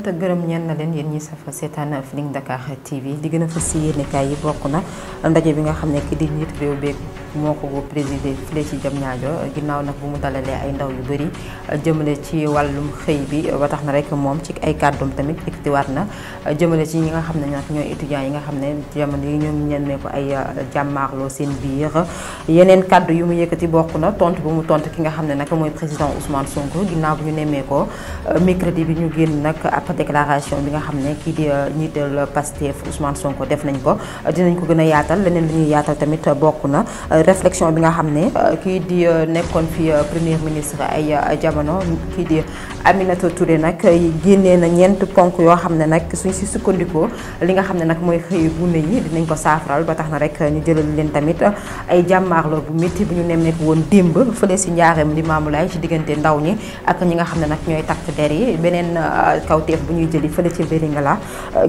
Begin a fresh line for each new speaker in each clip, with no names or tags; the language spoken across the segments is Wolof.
sant ak gërëm ñeen na leen yéen ñi safa seetaan Feeling Dakar TV di gën a fas yéene kaay yi bokk na ndaje bi nga xam ne ki di njiit réew beeg moo ko présidé file ci jam ñaajo ginnaaw nag bu mu dalalee ay ndaw yu bëri jëmale ci wàllum xëy bi ba tax na rek moom ci ay kàddum tamit ektiwaat na jëmale ci ñi nga xam ne nag ñooy étudiants yi nga xam ne jamono yi ñoom ñen ne ko ay jàmmaarloo seen biir yeneen kàddu yu mu yëkkati bokk na tontu bu mu tontu ki nga xam ne nag mooy président Ousmane Sonko ginnaaw bu ñu nemmee ko mercredi bi ñu génn nag après déclaration bi nga xam ne kii di njiital Pastef Ousmane Sonko def nañ ko dinañ ko gën a yaatal leneen lu ñuy yaatal tamit bokk na réflexion bi nga xam ne euh, kii di euh, nekkoon fi euh, premier ministre ay jamono kii di Aminata ture nag génnee na ñeent ponk yoo xam ne nag suñ si sukkandikoo li nga xam ne nag mooy xëy gune yi dinañ ko saafaral ba tax na rek ñu jëlal leen tamit ay jàmmaarloo bu métti bu ñu nemmeeku woon démb fële si njaareem li maamulaay ci diggante ndaw ñi ak ñi nga xam ne nag ñooy takk der yi beneen kawteef bu ñuy jëli fële ci Vélingara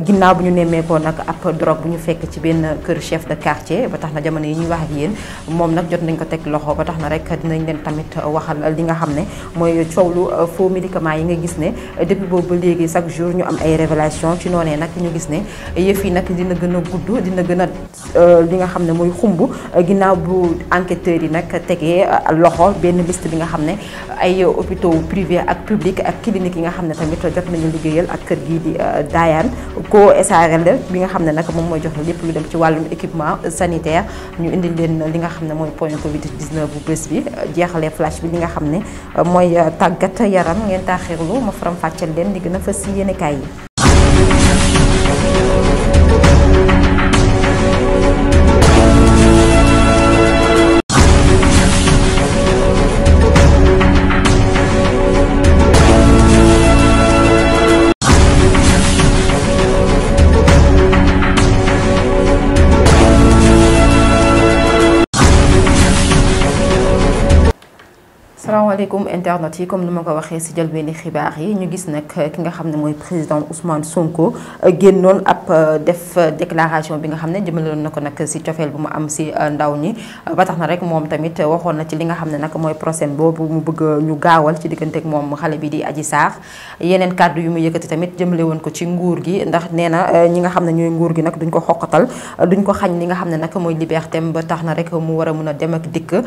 ginnaaw bu ñu nemmeekoo nag ab drogue bu ñu fekk ci benn kër chef de quartier ba tax na jamono yi ñuy wax yéen moom nag jot nañ ko teg loxo ba tax na rek dinañ leen tamit waxal li nga xam ne mooy coow lu euh, faux médicament yi nga gis ne depuis boobu ba léegi chaque jour ñu am ay révélation ci noonee nag ñu gis ne yëf yi nag dina gën a gudd dina gën a euh, li nga xam ne mooy xumb ginnaaw bu enquêteurs yi nag tegee euh, loxo benn liste bi nga xam ne ay hôpitaux privé ak publique ak clinique yi nga xam ne tamit jot nañu liggéeyal ak kër gi di Dayane ko SARL bi nga xam ne nag moom mooy jox lépp lu dem ci wàllum équipement sanitaire ñu indi leen li nga xam ne mooy point Covid 19 bu bés bi jeexalee flash bi li nga xam ne mooy tàggat yaram ngeen taaxirlu ma faram fàcceel leen di gën a fës si yéenekaay yi. asalaamaaleykum internet yi comme ni ma ko waxee si jëlbeeni xibaar yi ñu gis nag ki nga xam ne mooy président Ousmane Sonko génnoon ab euh, def déclaration bi nga xam ne jëmaloon na ko nag si cofeel bu mu am si euh, ndaw ñi ba tax na rek moom tamit waxoon na ci li nga xam ne nag mooy procès boobu mu bëgg ñu gaawal ci diggante ak moom xale bi di aji Sarr yeneen kàddu yu mu yëkkati tamit jëmle woon ko ci nguur gi ndax nee na euh, ñi nga xam ne ñooy nguur gi nag duñ ko xoqatal duñ ko xañ li nga xam ne nag mooy liberté ba tax na rek mu war a mun a dem ak dikk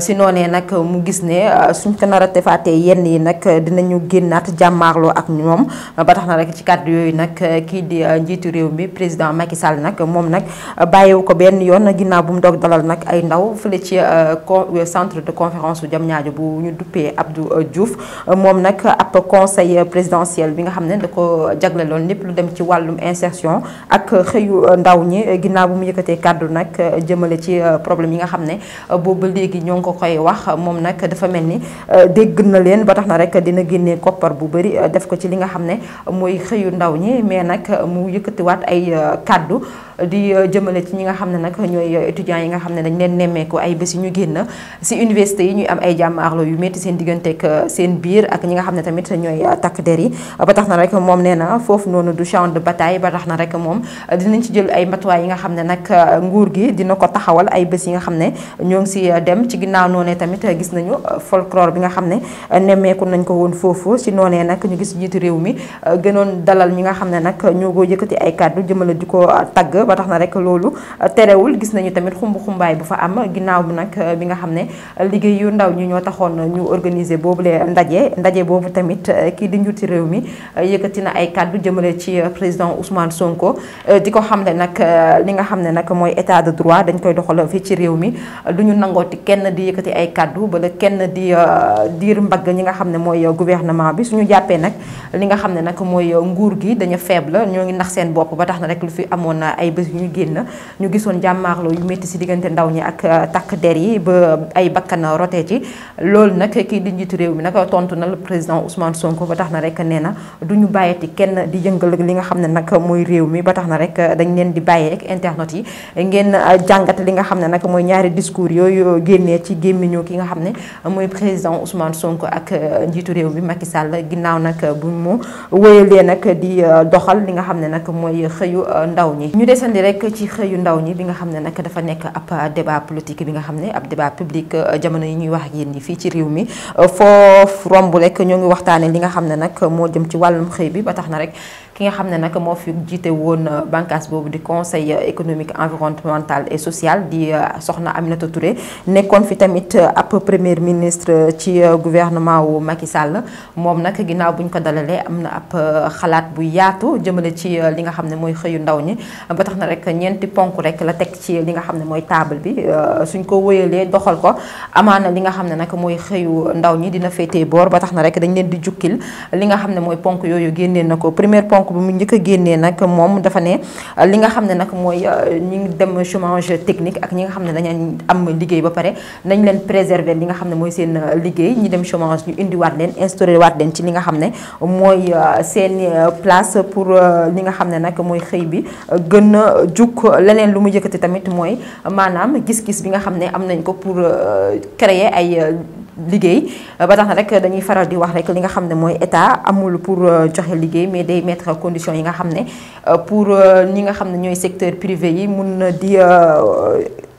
si noonee nag mu gis ne suñ ko nar a defaatee yenn yi nag dinañu génnaat jàmmaarloo ak moom ba tax na rek ci kaddu yooyu nag kii di uh, njiitu réew mi président Macky Sall nag moom nag uh, bàyyiwu ko benn yoon ginnaaw bu mu doog dalal nag ay ndaw fële ci uh, centre de conférence bu Diamniadio bu ñu duppee Abdou Diouf moom nag ab conseil présidentiel bi nga xam ne da ko jagleloon lépp lu dem ci wàllum insertion ak xëyu ndaw ñi ginnaaw bu mu yëkkatee kàddu nag jëmale ci problème yi nga xam ne boobu léegi ñoo ngi ko koy wax moom nag dafa mel ni Euh, dégg na leen ba tax na rek dina génne koppar bu bëri euh, def ko ci li nga xam ne mooy xëyu ndaw ñi mais nag mu yëkkatiwaat ay euh, kàddu di euh, jëmale ci ñi nga xam ne nag ñooy euh, étudiants yi nga xam ne dañ leen nemmeeku ay bés yu ñu génn si université yi ñuy am ay jàmmaarloo yu métti seen digganteeg euh, seen biir ak ñi nga xam ne tamit ñooy takk der yi ba tax na rek moom nee na foofu noonu du champ de bataille ba na rek moom dinañ ci jël ay matuwaay yi nga xam ne nag nguur gi dina ko taxawal ay bés yi nga xam ne ñoo ngi si dem ci ginnaaw noonee tamit gis nañu folklore bi nga xam ne nemmeeku nañ ko woon foofu si noonee nag ñu gis njiitu réew mi gënoon dalal ñi nga xam ne nag ñoo ko yëkkati ay kàddu jëmale di ko tagg dëgg ba tax na rek loolu euh, terewul gis nañu tamit xumb xumbaay bu fa am ginnaaw bi nag euh, bi nga xam ne liggéey yu ndaw ñi ñoo taxoon ñu organiser boobu le ndaje ndaje boobu tamit euh, kii di njuuti réew mi yëkkati na ay kàddu jëmale ci président Ousmane Sonko di ko xam ne nag li nga xam ne nag mooy état de droit dañ koy doxal fii ci réew mi du ñu nangooti kenn di yëkkati ay kàddu bala kenn di diir mbagg ñi nga xam ne mooy gouvernement bi suñu jàppee nag li nga xam ne nag mooy nguur gi dañu faible ñoo ngi nax seen bopp ba tax na rek lu fi amoon ay bés yu ñu génn ñu gisoon jàmmaarloo yu métti si diggante ndaw ñi ak euh, takk der yi ba ay bakkan rote ci loolu nag kii di njiitu réew mi nag tontu na le président Ousmane Sonko ba tax na rek nee na du ñu bàyyeti kenn di yëngal li nga xam ne nag mooy réew mi ba tax na rek dañ leen di bàyyee internet yi ngeen euh, jàngat li nga xam ne nag mooy ñaari discours yooyu génnee ci gémmiñu ki nga xam ne mooy président Ousmane sonk ak euh, njiitu réew mi Macky Sall ginnaaw nag bu mu wéyalee nag di doxal li nga xam ne nag mooy xëyu ndaw ñi desandi rek ci xëyu ndaw ñi bi nga xam ne nag dafa nekk ab débat politique bi nga xam ne ab débat public euh, jamono yi ñuy wax ak yéen fii ci réew mi euh, foofu romb rek ñoo ngi waxtaanee li nga xam ne nag moo jëm ci wàllum xëy bi ba tax na rek ki nga xam ne nag moo fi jiite woon euh, bànqaas boobu di conseil euh, économique environnemental et social di euh, soxna Aminata Touré nekkoon fi tamit ab première ministre ci gouvernement wu Macky Sall moom nag ginnaaw bu ko dalalee am na ab xalaat bu yaatu jëmale ci li nga xam ne mooy xëyu ndaw ñi ba tax na rek ñeenti ponk rek la teg ci li nga xam ne mooy table bi suñ ko wéyalee doxal ko amaana li nga xam ne nag mooy xëyu ndaw ñi dina féetee boor ba tax na rek dañ leen di jukkil li nga xam ne mooy ponk yooyu génnee na ko première ponk ponk bi mu njëkk a génnee nag moom dafa ne euh, li nga xam ne nag mooy euh, ñi ngi dem chômage technique ak ñi nga xam ne dañu am liggéey ba pare nañ leen préserver li nga xam ne mooy seen euh, liggéey ñi dem chômage ñu indiwaat leen instauré waat leen ci li nga xam ne mooy seen place pour li nga xam ne nag mooy xëy bi gën a jug leneen lu mu yëkkati tamit mooy maanaam gis-gis bi nga xam ne am nañ ko pour créer ay liggéey ba tax na rek dañuy faral di wax rek li nga xam ne mooy état amul pour euh, joxe liggéey mais day mettre conditions yi nga xam ne euh, pour euh, ñi nga xam ne ñooy secteur privé yi mun na di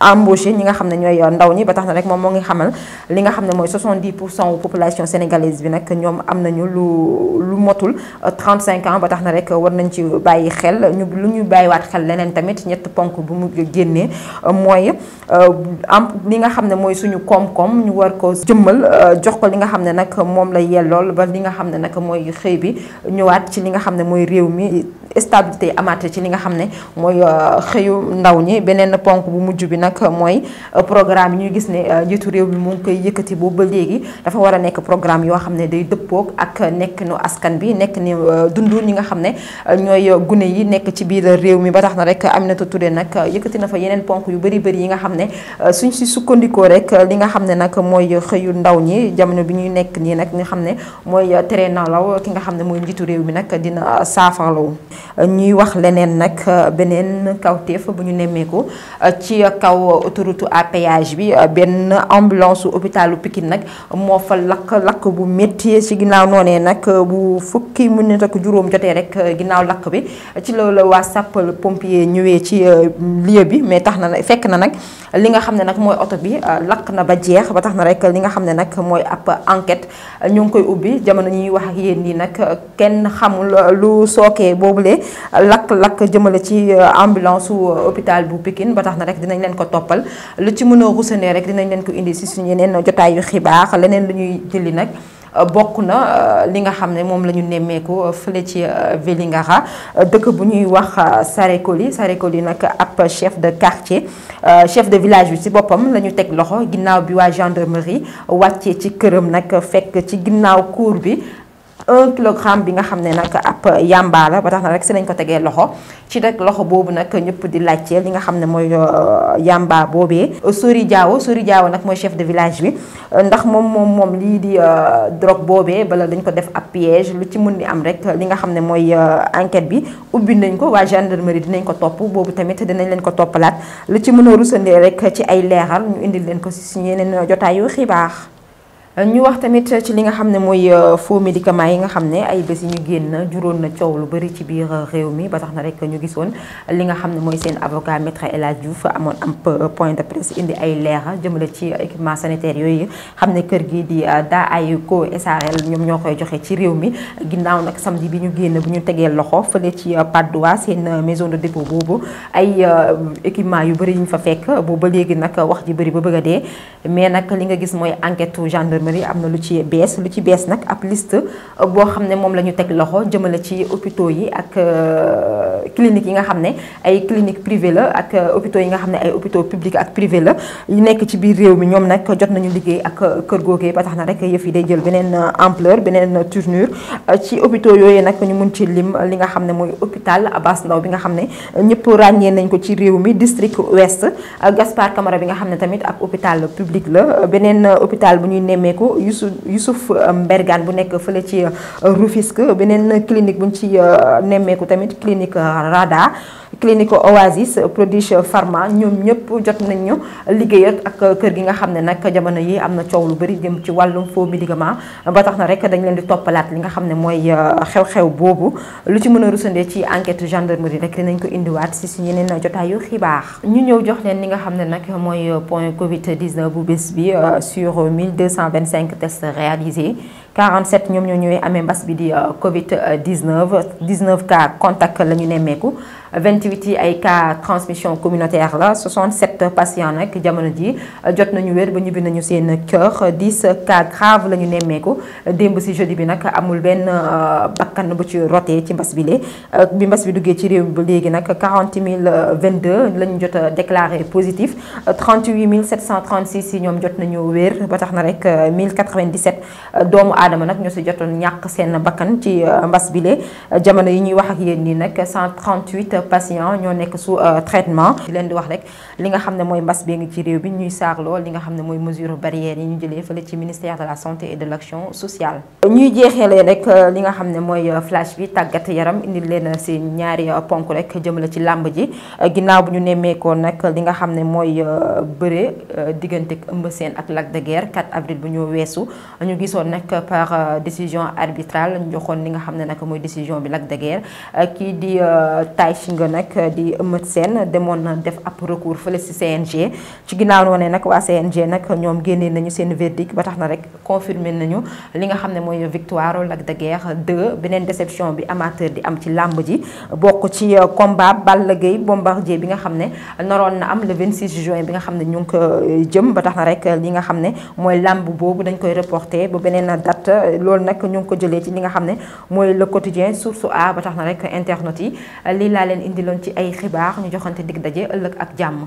embauché ñi nga xam ne ñooy ndaw ñi ba tax na rek moom moo ngi xamal li nga xam ne mooy 70 pour cent wu population sénégalaise bi nag ñoom am nañu lu lu motul 35 euh, ans ba tax na rek war nañ ci bàyyi xel ñu lu ñu bàyyiwaat xel leneen tamit ñett ponk bu mu génnee euh, mooy euh, am li nga xam ne mooy suñu koom ñu war ko jëmmal jox ko li nga xam ne nag moom la yellool ba li nga xam ne nag mooy xëy bi ñëwaat ci li nga xam ne mooy réew mi stabilité amaat ci li nga xam ne mooy xëyu ndaw ñi beneen ponk bu mujj bi nag nag mooy programme yi ñu gis ne euh, njiitu réew mi moom ngi koy yëkkati boobu ba léegi dafa war a nekk programme yoo xam ne day dëppoog ak nekk nu askan bi nekk ni euh, dundu ñi nga xam ne euh, ñooy gune yi nekk ci biir réew mi ba tax na rek Aminata Touré nag yëkkati na fa yeneen ponk yu bëri bëri yi nga xam ne suñ si sukkandikoo rek li nga xam ne nag mooy xëyu ndaw ñi jamono bi ñuy nekk nii nag nga xam ne mooy tere nalaw ki nga xam ne mooy njiitu réew mi nag dina saafarawu ñuy wax leneen nag beneen kawteef bu ñu nemmeeku ci kaw kaw autoroute à péage bi euh, benn ambulance hôpitalu Pikine nag moo fa lakk-lakk bu métti ci ginnaaw noonee nag euh, bu fukki minute ak juróom jotee rek euh, ginnaaw lakk bi ci loolu waa sapeur pompier ñëwee ci lieu bi mais tax na fekk na nag li nga xam ne nag mooy oto bi lakk na ba jeex ba tax na rek li nga xam ne nag mooy ab enquête ñu ngi koy ubbi jamono ñuy wax ak yéen nii nag kenn xamul lu sookee boobu boobule lakk-lakk jëmale ci ambulance hôpital bu Pikine ba tax na rek dinañ leen ko toppal lu ci mënoo a ruusane rek dinañ leen ko indi si suñu yeneen jotaayu xibaax leneen lu ñuy jëli nag. bokk na euh, li nga xam ne moom la ñu nemmeeku fële ci euh, Vélingara dëkk bu ñuy wax euh, Sarekoli Sarekoli nag ab chef de quartier chef de village bi ci boppam la ñu teg loxo ginnaaw bi waa gendarmerie wàccee ci këram nag fekk ci ginnaaw cour bi. un kilogramme bi nga xam ne nag ab yamba la ba tax na rek si nañ ko tegee loxo ci rek loxo boobu nag ñëpp di laajte li nga xam ne mooy euh, yamba boobee Sori Diawo Sori Diawo nag mooy chef de village bi euh, ndax moom moom moom lii di euh, drogue boobee bala dañ ko def ab piège lu ci mën di am rek li nga xam ne mooy enquête bi ubbi nañ ko waa gendarmerie dinañ ko topp boobu tamit dinañ leen ko toppalaat lu ci mën a rusandee rek ci ay leeral ñu indil leen ko si ñeneen jotaayu xibaar ñu wax tamit ci li nga xam ne mooy euh, faux médicaments yi nga xam ne ay bés yi ñu génn juróon na coow lu bëri ci biir euh, réew mi ba tax na rek ñu gisoon li nga xam ne mooy seen avocat maître El Hadj Diouf amoon am euh, point de presse indi ay leera jëmale ci équipement sanitaire yooyu xam ne kër gi di daa ay co SARL ñoom ñoo koy joxe ci réew mi ginnaaw nag samedi bi ñu génn bu ñu tegee loxo fële ci Padoa seen maison de dépôt boobu ay équipement yu bëri yu fa fekk boobu ba léegi nag wax ji bëri ba bëgg a dee mais nag li nga gis mooy enquête gendarmerie gendarmerie am na lu ci bees lu ci bees nag ab liste boo xam ne moom la ñu teg loxo jëmale ci hôpitaux yi ak euh, cliniques yi nga xam ne ay clinique privée la ak euh, hôpitaux yi nga xam ne ay hôpitaux public ak privé la yi nekk ci biir réew mi ñoom nag jot nañu liggéey ak kër googee na rek yëf yi day jël beneen ampleur beneen tournure ci hôpitaux yooyu nag ñu mun ci lim li nga xam ne mooy hôpital Abass bi nga xam ne ñëpp ràññee nañ ko ci réew mi district ouest Gaspard Camara bi xam ne tamit ab hôpital public la beneen hôpital bu ñuy nemmee nemmeeku Youssouf Youssouf euh, Mbergane bu nekk fële ci euh, Rufisque beneen clinique buñ ci euh, nemmeeku tamit clinique Rada clinique Oasis Prodiche farma ñoom ñëpp jot nañ ñu liggéeyat ak kër gi nga xam ne nag jamono yi am na coow lu bëri dem ci wàllum faux médicament ba tax na rek dañ leen di toppalaat li nga xam ne mooy euh, xew-xew boobu lu ci mën a rusandee ci enquête gendarmerie rek nañ ko indiwaat si suñu yeneen jotaayu xibaax ñu ñëw jox leen li nga xam ne nag mooy euh, point Covid 19 bu bés bi euh, sur 1225 tests réalisés. 47 ñoom ñoo ñëwee amee mbas bi di euh, Covid 19 19 cas contact la ñu nemmeeku 28 yi ay cas transmission communautaire la 67 patients nag jamono ji euh, jot nañu wér ba ñibbi nañu seen kër 10 cas grave la ñu nemmeeku démb si jeudi bi nag amul benn euh, bakkan bu ci rotee ci mbas bi lee bi mbas bi duggee ci réew bi léegi nag 40 022 la ñu jot a déclaré positif 38 736 yi ñoom jot nañu wér ba tax na rek 1097 doomu aadama nag ñoo si jotoon ñàkk seen bakkan ci euh, mbas bile jamono yi ñuy wax ak yéen nii nag 138 patients ñoo nekk sous euh, traitement di leen di wax rek li nga xam ne mooy mbas bee ngi ci réew bi ñuy saarloo li nga xam ne mooy mesure barrière yi ñu jëlee fële ci ministère de la santé et de l'action sociale ñuy jeexeele rek euh, li nga xam ne mooy flash bi tàggat yaram indil leen si ñaari ponk rek jëmale ci làmb ji ginnaaw bu ñu nemmeekoon nag li nga xam ne mooy bëre diggante ëmb seen ak Lac de Guiers 4 avril bu ñu weesu ñu gisoon nag par euh, décision arbitrale ñu li nga xam ne nag mooy décision bi Lac de Guiers euh, kii di euh, Taïchi nga nag di Eumeu Sène demoon na def ab recours fële si CNG ci ginnaaw noonee nag waa CNG nag ñoom génnee nañu seen verdict ba tax na rek confirmé nañu li nga xam ne mooy victoire Lac de Guiers 2 beneen déception bi amateur di am ci làmb ji bokk ci combat Balla Gaye Bombardier bi nga xam ne naroon na am le 26 juin bi nga xam ne ñu ngi ko jëm ba tax na rek li nga xam ne mooy làmb boobu date eh, loolu nag ñu ngi ko jëlee ci li nga xam ne mooy le quotidien source a ba tax na rek internet yi lii laa leen indiloon ci ay xibaar ñu joxante dig dajee ëllëg ak jàmm